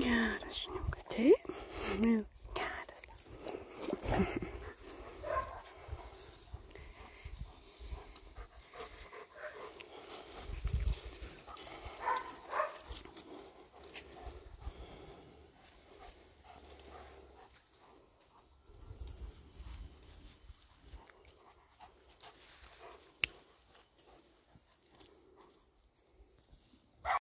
Yeah, das ist schon gut.